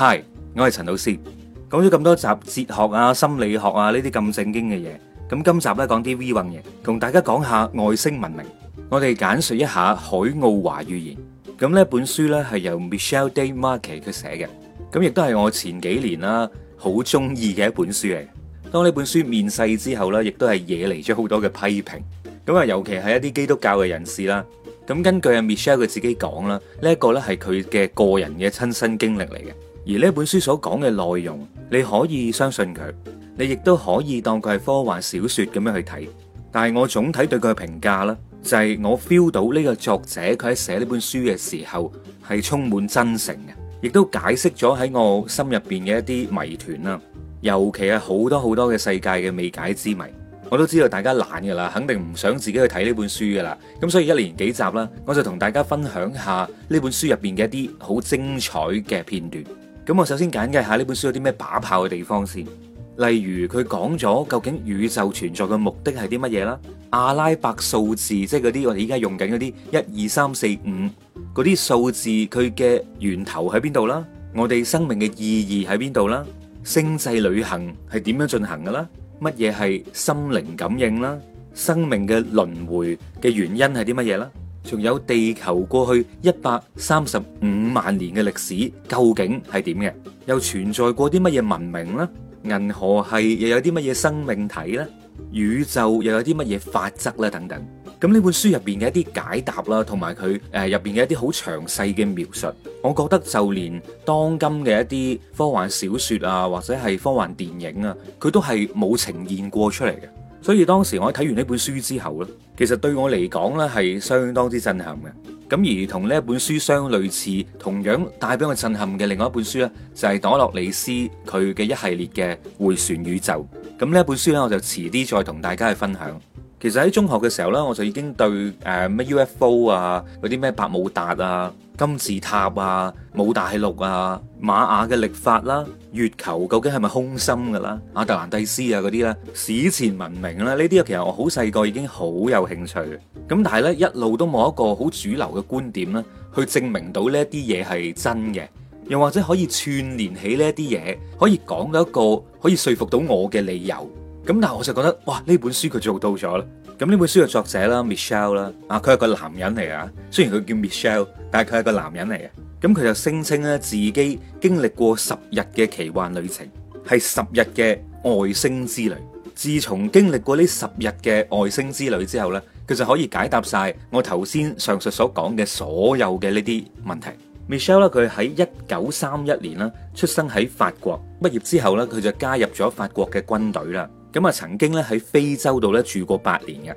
係，Hi, 我係陳老師，講咗咁多集哲學啊、心理學啊呢啲咁正經嘅嘢，咁今集咧講啲 V 運嘅，同大家講下外星文明。我哋簡述一下海奧華語言。咁呢本書咧係由 Michelle Day Marky 佢寫嘅，咁亦都係我前幾年啦好中意嘅一本書嚟。當呢本書面世之後咧，亦都係惹嚟咗好多嘅批評。咁啊，尤其係一啲基督教嘅人士啦。咁根據阿 Michelle 佢自己講啦，呢、這、一個咧係佢嘅個人嘅親身經歷嚟嘅。而呢本書所講嘅內容，你可以相信佢，你亦都可以當佢係科幻小說咁樣去睇。但係我總體對佢嘅評價啦，就係我 feel 到呢個作者佢喺寫呢本書嘅時候係充滿真誠嘅，亦都解釋咗喺我心入邊嘅一啲謎團啦。尤其係好多好多嘅世界嘅未解之謎。我都知道大家懶噶啦，肯定唔想自己去睇呢本書噶啦。咁所以一連幾集啦，我就同大家分享下呢本書入邊嘅一啲好精彩嘅片段。咁我首先簡介下呢本書有啲咩把炮嘅地方先，例如佢講咗究竟宇宙存在嘅目的係啲乜嘢啦？阿拉伯數字即係嗰啲我哋依家用緊嗰啲一二三四五嗰啲數字，佢嘅源頭喺邊度啦？我哋生命嘅意義喺邊度啦？星際旅行係點樣進行㗎啦？乜嘢係心靈感應啦？生命嘅輪迴嘅原因係啲乜嘢啦？仲有地球過去一百三十五萬年嘅歷史究竟係點嘅？又存在過啲乜嘢文明呢？銀河系又有啲乜嘢生命體呢？宇宙又有啲乜嘢法則呢？等等。咁呢本書入邊嘅一啲解答啦，同埋佢誒入邊嘅一啲好詳細嘅描述，我覺得就連當今嘅一啲科幻小說啊，或者係科幻電影啊，佢都係冇呈現過出嚟嘅。所以當時我睇完呢本書之後咧，其實對我嚟講咧係相當之震撼嘅。咁而同呢本書相類似，同樣帶俾我震撼嘅另外一本書咧，就係朵洛莉絲佢嘅一系列嘅回旋宇宙。咁呢本書咧，我就遲啲再同大家去分享。其實喺中學嘅時候咧，我就已經對誒咩、呃、UFO 啊、嗰啲咩百慕達啊、金字塔啊、姆大陸啊、瑪雅嘅歷法啦、啊、月球究竟係咪空心㗎啦、啊、亞特蘭蒂斯啊嗰啲啦、史前文明啦、啊，呢啲啊其實我好細個已經好有興趣。咁但係呢，一路都冇一個好主流嘅觀點咧，去證明到呢啲嘢係真嘅，又或者可以串連起呢啲嘢，可以講到一個可以說服到我嘅理由。咁但係我就覺得哇，呢本書佢做到咗啦，咁呢本書嘅作者啦，Michelle 啦，啊佢係個男人嚟，啊，雖然佢叫 Michelle，但係佢係個男人嚟啊。咁佢就聲稱咧自己經歷過十日嘅奇幻旅程，係十日嘅外星之旅。自從經歷過呢十日嘅外星之旅之後咧，佢就可以解答晒我頭先上述所講嘅所有嘅呢啲問題。Michelle 咧佢喺一九三一年啦，出生喺法國，畢業之後咧佢就加入咗法國嘅軍隊啦。咁啊，曾經咧喺非洲度咧住過八年嘅，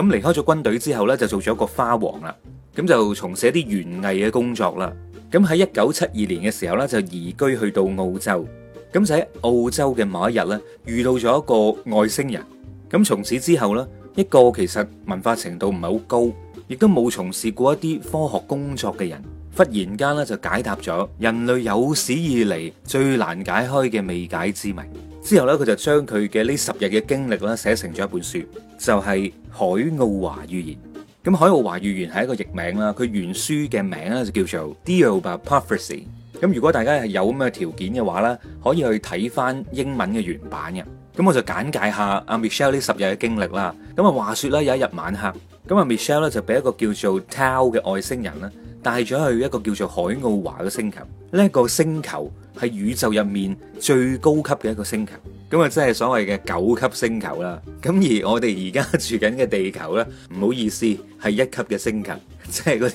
咁離開咗軍隊之後咧就做咗一個花王啦，咁就從事一啲園藝嘅工作啦，咁喺一九七二年嘅時候咧就移居去到澳洲，咁就喺澳洲嘅某一日咧遇到咗一個外星人，咁從此之後咧一個其實文化程度唔係好高，亦都冇從事過一啲科學工作嘅人，忽然間咧就解答咗人類有史以嚟最難解開嘅未解之謎。之後咧佢就將佢嘅呢十日嘅經歷咧寫成咗一本書，就係、是《海奧華預言》。咁《海奧華預言》係一個譯名啦，佢原書嘅名咧就叫做《The Thiaoouba Prophecy》。咁如果大家係有咩嘅條件嘅話咧，可以去睇翻英文嘅原版嘅。咁我就簡介下阿 Michelle 呢十日嘅經歷啦。咁啊，話說咧有一日晚黑，咁啊 Michelle 咧就俾一個叫做 Tao 嘅外星人啦。帶咗去一個叫做海奧華嘅星球，呢一個星球，係宇宙入面最高級嘅一個星球，咁啊，即係所謂嘅九級星球啦。咁而我哋而家住緊嘅地球呢，唔好意思，係一級嘅星球，即係嗰啲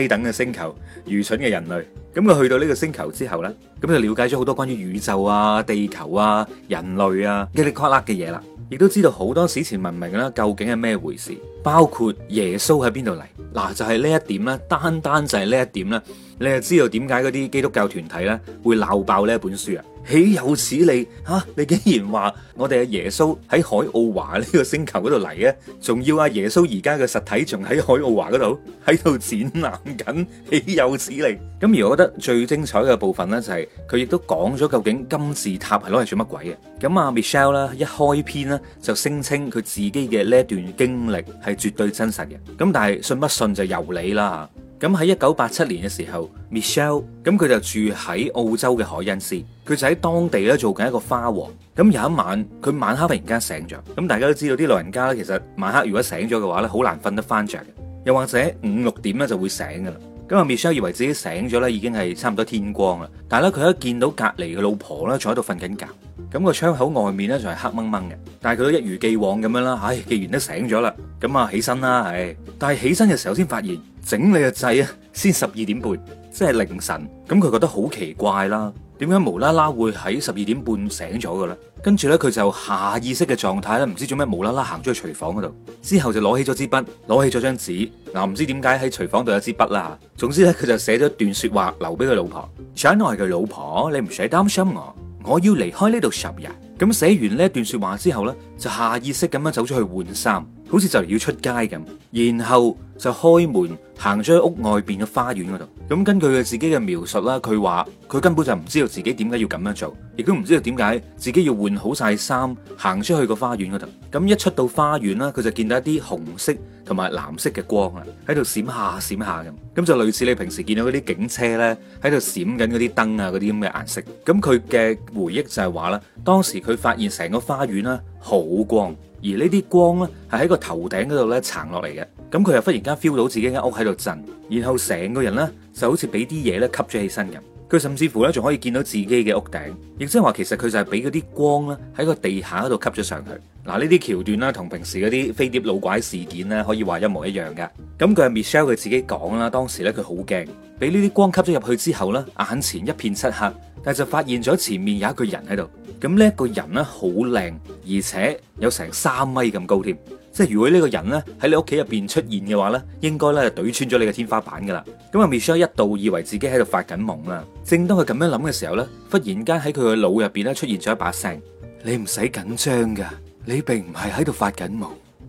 低等嘅星球，愚蠢嘅人類。咁佢去到呢個星球之後呢，咁就了解咗好多關於宇宙啊、地球啊、人類啊、一啲 c o 嘅嘢啦，亦都知道好多史前文明啦，究竟係咩回事？包括耶穌喺邊度嚟？嗱，就係、是、呢一點啦，單單就係呢一點啦。你就知道點解嗰啲基督教團體咧會鬧爆呢一本書啊。豈有此理嚇！你竟然話我哋阿耶穌喺海奧華呢個星球嗰度嚟啊，仲要阿耶穌而家嘅實體仲喺海奧華嗰度喺度展覽緊，豈有此理！咁而我覺得最精彩嘅部分咧就係佢亦都講咗究竟金字塔係攞嚟做乜鬼嘅。咁啊 Michelle 啦一開篇咧就聲稱佢自己嘅呢一段經歷係絕對真實嘅。咁但係信不信就由你啦。咁喺一九八七年嘅時候，Michelle 咁佢就住喺澳洲嘅凱恩斯，佢就喺當地咧做緊一個花王。咁有一晚，佢晚黑突然間醒咗。咁大家都知道啲老人家咧，其實晚黑如果醒咗嘅話咧，好難瞓得返着嘅，又或者五六點咧就會醒㗎啦。咁啊，Michelle 以為自己醒咗咧，已經係差唔多天光啦。但係咧，佢一見到隔離嘅老婆咧，仲喺度瞓緊覺。咁個窗口外面呢，就係黑掹掹嘅，但係佢都一如既往咁樣啦。唉，既然都醒咗啦，咁啊起身啦，唉！但係起身嘅時候先發現，整你個掣啊，先十二點半，即係凌晨。咁佢覺得好奇怪啦，點解無啦啦會喺十二點半醒咗嘅咧？跟住呢，佢就下意識嘅狀態咧，唔知做咩無啦啦行咗去廚房嗰度，之後就攞起咗支筆，攞起咗張紙。嗱、呃，唔知點解喺廚房度有支筆啦。總之呢，佢就寫咗段説話留俾佢老婆。親愛嘅老婆，你唔使擔心我。我要離開呢度十日。咁寫完呢一段説話之後呢，就下意識咁樣走出去換衫，好似就嚟要出街咁。然後就開門行咗去屋外邊嘅花園嗰度。咁根據佢自己嘅描述啦，佢話佢根本就唔知道自己點解要咁樣做，亦都唔知道點解自己要換好晒衫行出去個花園嗰度。咁一出到花園啦，佢就見到一啲紅色同埋藍色嘅光啊，喺度閃下閃下咁。咁就類似你平時見到嗰啲警車呢，喺度閃緊嗰啲燈啊，嗰啲咁嘅顏色。咁佢嘅回憶就係話啦，當時。佢發現成個花園咧好光，而呢啲光咧係喺個頭頂嗰度咧撐落嚟嘅。咁佢又忽然間 feel 到自己間屋喺度震，然後成個人咧就好似俾啲嘢咧吸咗起身嘅。佢甚至乎咧仲可以見到自己嘅屋頂，亦即係話其實佢就係俾嗰啲光咧喺個地下嗰度吸咗上去。嗱，呢啲橋段咧同平時嗰啲飛碟老怪事件咧可以話一模一樣嘅。咁佢係 Michelle 佢自己講啦，當時咧佢好驚，俾呢啲光吸咗入去之後咧，眼前一片漆黑，但係就發現咗前面有一個人喺度。咁呢一個人咧好靚，而且有成三米咁高添，即係如果呢個人咧喺你屋企入邊出現嘅話咧，應該咧就懟穿咗你嘅天花板噶啦。咁啊，Michelle 一度以為自己喺度發緊夢啦，正當佢咁樣諗嘅時候咧，忽然間喺佢嘅腦入邊咧出現咗一把聲：你唔使緊張噶，你並唔係喺度發緊夢。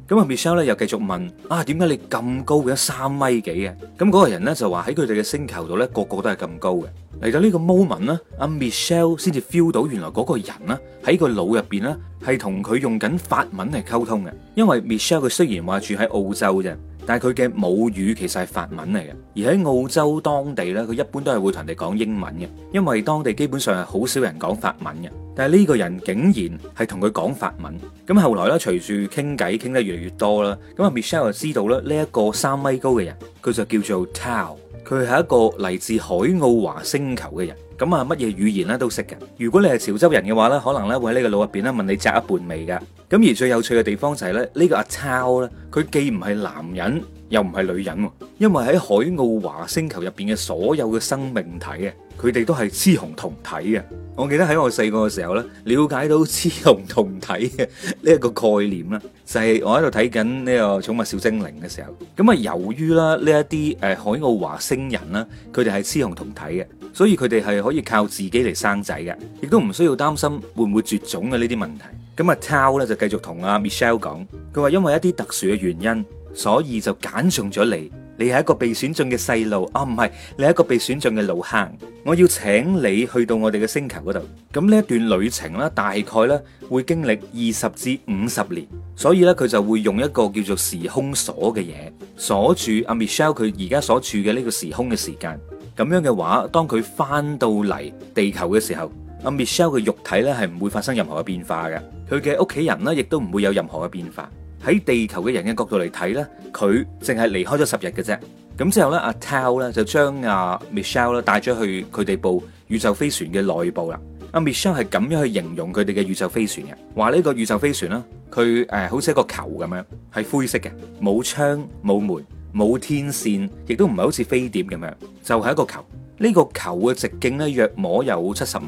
咁啊，Michelle 咧又繼續問：啊，點解你咁高變咗三米幾嘅？咁、那、嗰個人咧就話喺佢哋嘅星球度咧，個個都係咁高嘅。嚟到呢個 moment 啦，阿、啊、Michelle 先至 feel 到原來嗰個人啦喺個腦入邊咧係同佢用緊法文嚟溝通嘅，因為 Michelle 佢雖然話住喺澳洲啫。但係佢嘅母語其實係法文嚟嘅，而喺澳洲當地呢，佢一般都係會同人哋講英文嘅，因為當地基本上係好少人講法文嘅。但係呢個人竟然係同佢講法文，咁後來咧，隨住傾偈傾得越嚟越多啦，咁啊 Michelle 就知道咧呢一個三米高嘅人，佢就叫做 Tao，佢係一個嚟自海奧華星球嘅人。咁啊，乜嘢語言咧都識嘅。如果你係潮州人嘅話咧，可能咧會喺呢個腦入邊咧問你摘一半味噶。咁而最有趣嘅地方就係咧，呢個阿超咧，佢既唔係男人又唔係女人，因為喺海奧華星球入邊嘅所有嘅生命體啊，佢哋都係雌雄同體啊。我記得喺我細個嘅時候咧，了解到雌雄同體嘅呢一個概念啦，就係我喺度睇緊呢個寵物小精靈嘅時候。咁啊，由於啦呢一啲誒海奧華星人啦，佢哋係雌雄同體嘅。所以佢哋係可以靠自己嚟生仔嘅，亦都唔需要擔心會唔會絕種嘅呢啲問題。咁啊 Tao 咧就繼續同阿 Michelle 講，佢話因為一啲特殊嘅原因，所以就揀中咗你。你係一個被選中嘅細路啊，唔、哦、係，你係一個被選中嘅老坑。我要請你去到我哋嘅星球嗰度。咁呢一段旅程咧，大概咧會經歷二十至五十年，所以咧佢就會用一個叫做時空鎖嘅嘢鎖住阿、啊、Michelle 佢而家所處嘅呢個時空嘅時間。咁樣嘅話，當佢翻到嚟地球嘅時候，阿 Michelle 嘅肉體咧係唔會發生任何嘅變化嘅，佢嘅屋企人咧亦都唔會有任何嘅變化。喺地球嘅人嘅角度嚟睇咧，佢淨係離開咗十日嘅啫。咁之後咧，阿 Tao 咧就將阿 Michelle 咧帶咗去佢哋部宇宙飛船嘅內部啦。阿 Michelle 係咁樣去形容佢哋嘅宇宙飛船嘅，話呢個宇宙飛船咧，佢誒，好似一個球咁樣，係灰色嘅，冇窗冇門。冇天線，亦都唔係好似飛碟咁樣，就係、是、一個球。呢、這個球嘅直徑咧，約摸有七十米，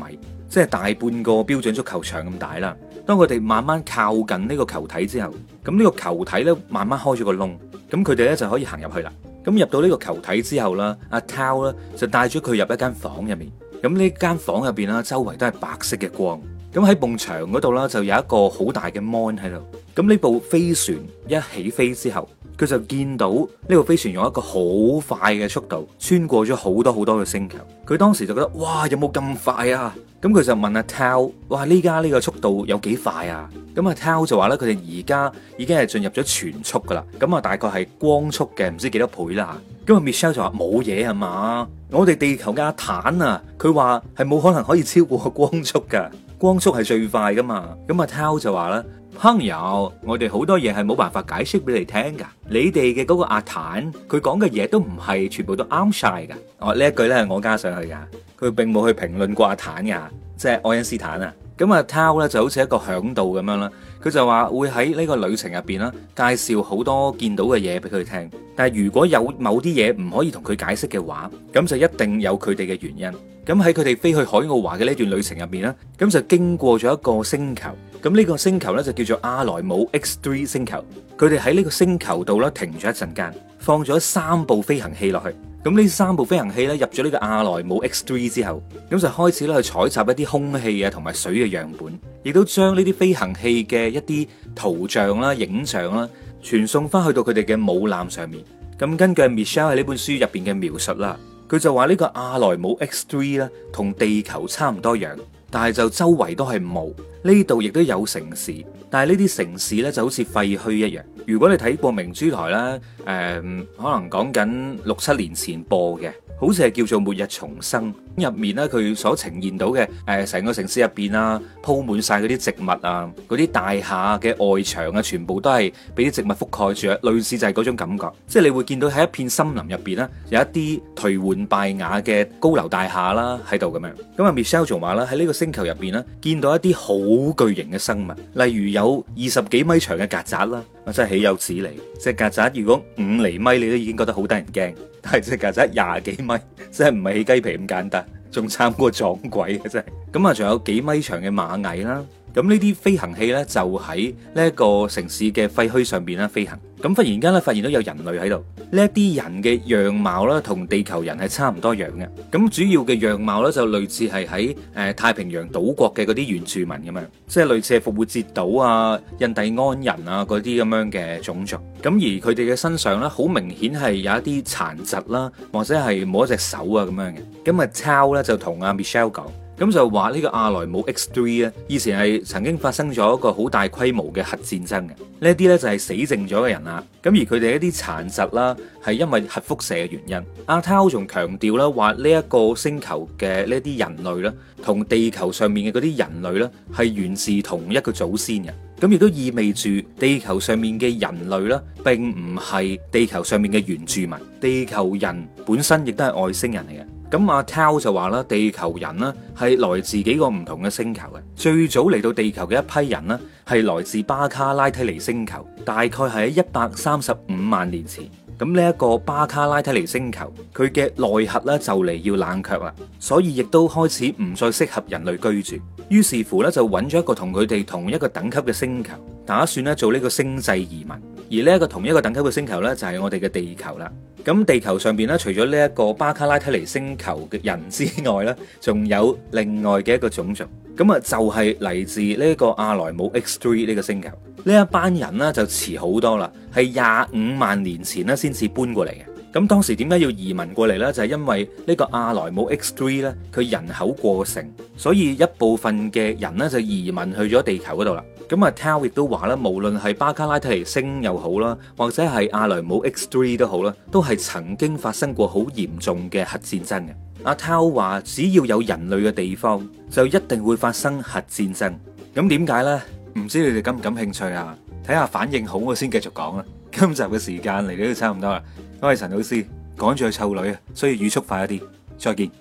即係大半個標準足球場咁大啦。當佢哋慢慢靠近呢個球體之後，咁呢個球體咧慢慢開咗個窿，咁佢哋咧就可以行入去啦。咁入到呢個球體之後啦，阿、啊、Towel 咧就帶咗佢入一間房入面。咁呢間房入邊啦，周圍都係白色嘅光。咁喺埲牆嗰度啦，就有一個好大嘅 Mon 喺度。咁呢部飛船一起飛之後，佢就見到呢部飛船用一個好快嘅速度穿過咗好多好多嘅星球。佢當時就覺得，哇，有冇咁快啊？咁佢就問阿 Tel，哇，呢家呢個速度有幾快啊？咁阿 Tel 就話咧，佢哋而家已經係進入咗全速噶啦。咁啊，大概係光速嘅唔知幾多倍啦。咁阿 Michelle 就話，冇嘢係嘛，我哋地球嘅阿坦啊，佢話係冇可能可以超過光速噶。光速係最快噶嘛。咁阿 Tao 就話啦，朋友，我哋好多嘢係冇辦法解釋俾你聽噶。你哋嘅嗰個阿坦，佢講嘅嘢都唔係全部都啱晒噶。我、哦、呢一句咧係我加上去噶，佢並冇去評論過阿坦噶，即係愛因斯坦啊。咁啊，Tao 咧就好似一個響度咁樣啦。佢就話會喺呢個旅程入邊啦，介紹好多見到嘅嘢俾佢聽。但係如果有某啲嘢唔可以同佢解釋嘅話，咁就一定有佢哋嘅原因。咁喺佢哋飛去海奧華嘅呢段旅程入面啦，咁就經過咗一個星球。咁呢個星球咧就叫做阿萊姆 X3 星球。佢哋喺呢個星球度啦，停咗一陣間，放咗三部飛行器落去。咁呢三部飛行器咧入咗呢個阿萊姆 X3 之後，咁就開始咧去採集一啲空氣啊同埋水嘅樣本，亦都將呢啲飛行器嘅一啲圖像啦、影像啦，傳送翻去到佢哋嘅母艦上面。咁根據 Michelle 喺呢本書入邊嘅描述啦，佢就話呢個阿萊姆 X3 啦，同地球差唔多樣，但係就周圍都係霧。呢度亦都有城市，但係呢啲城市呢，就好似廢墟一樣。如果你睇過明珠台啦，誒、呃，可能講緊六七年前播嘅。好似係叫做末日重生，入面咧佢所呈現到嘅，誒、呃、成個城市入邊啊，鋪滿晒嗰啲植物啊，嗰啲大廈嘅外牆啊，全部都係俾啲植物覆蓋住，啊，類似就係嗰種感覺，即係你會見到喺一片森林入邊咧，有一啲頹垣敗瓦嘅高樓大廈啦喺度咁樣。咁啊 Michelle 仲話啦，喺呢個星球入邊咧，見到一啲好巨型嘅生物，例如有二十幾米長嘅曱甴啦。啊、真係豈有此理！隻曱甴如果五厘米，你都已經覺得好得人驚。但係隻曱甴廿幾米，真係唔係起雞皮咁簡單，仲慘過撞鬼啊！真係。咁啊，仲有幾米長嘅螞蟻啦。咁呢啲飛行器呢，就喺呢一個城市嘅廢墟上邊啦飛行。咁忽然間呢，發現到有人類喺度。呢一啲人嘅樣貌呢，同地球人係差唔多樣嘅。咁主要嘅樣貌呢，就類似係喺誒太平洋島國嘅嗰啲原住民咁樣，即係類似係復活節島啊、印第安人啊嗰啲咁樣嘅種族。咁而佢哋嘅身上呢，好明顯係有一啲殘疾啦、啊，或者係冇一隻手啊咁樣嘅。咁啊超呢，就同阿 Michelle 講。咁就話呢個阿萊姆 X3 啊，以前係曾經發生咗一個好大規模嘅核戰爭嘅，呢一啲咧就係死剩咗嘅人啦。咁而佢哋一啲殘疾啦，係因為核輻射嘅原因。阿濤仲強調啦，話呢一個星球嘅呢啲人類啦，同地球上面嘅嗰啲人類啦，係源自同一個祖先嘅。咁亦都意味住地球上面嘅人類啦，並唔係地球上面嘅原住民，地球人本身亦都係外星人嚟嘅。咁阿 Tell 就話啦，地球人呢係來自幾個唔同嘅星球嘅。最早嚟到地球嘅一批人呢，係來自巴卡拉提尼星球，大概係喺一百三十五萬年前。咁呢一個巴卡拉提尼星球，佢嘅內核呢就嚟要冷卻啦，所以亦都開始唔再適合人類居住。於是乎呢，就揾咗一個同佢哋同一個等級嘅星球，打算呢做呢個星際移民。而呢一個同一個等級嘅星球呢，就係我哋嘅地球啦。咁地球上邊咧，除咗呢一個巴卡拉提尼星球嘅人之外咧，仲有另外嘅一個種族，咁啊就係嚟自呢個阿萊姆 X3 呢個星球，呢一班人咧就遲好多啦，係廿五萬年前咧先至搬過嚟嘅。咁當時點解要移民過嚟呢？就係因為呢個阿萊姆 X3 呢，佢人口過剩，所以一部分嘅人呢就移民去咗地球嗰度啦。咁阿 Tau 亦都話呢，無論係巴卡拉提尼星又好啦，或者係阿萊姆 X3 都好啦，都係曾經發生過好嚴重嘅核戰爭嘅。阿 Tau 話，只要有人類嘅地方，就一定會發生核戰爭。咁點解呢？唔知你哋感唔感興趣啊？睇下反應好，我先繼續講啦。今集嘅時間嚟到都差唔多啦。我係陳老師，趕住去湊女啊，所以語速快一啲，再見。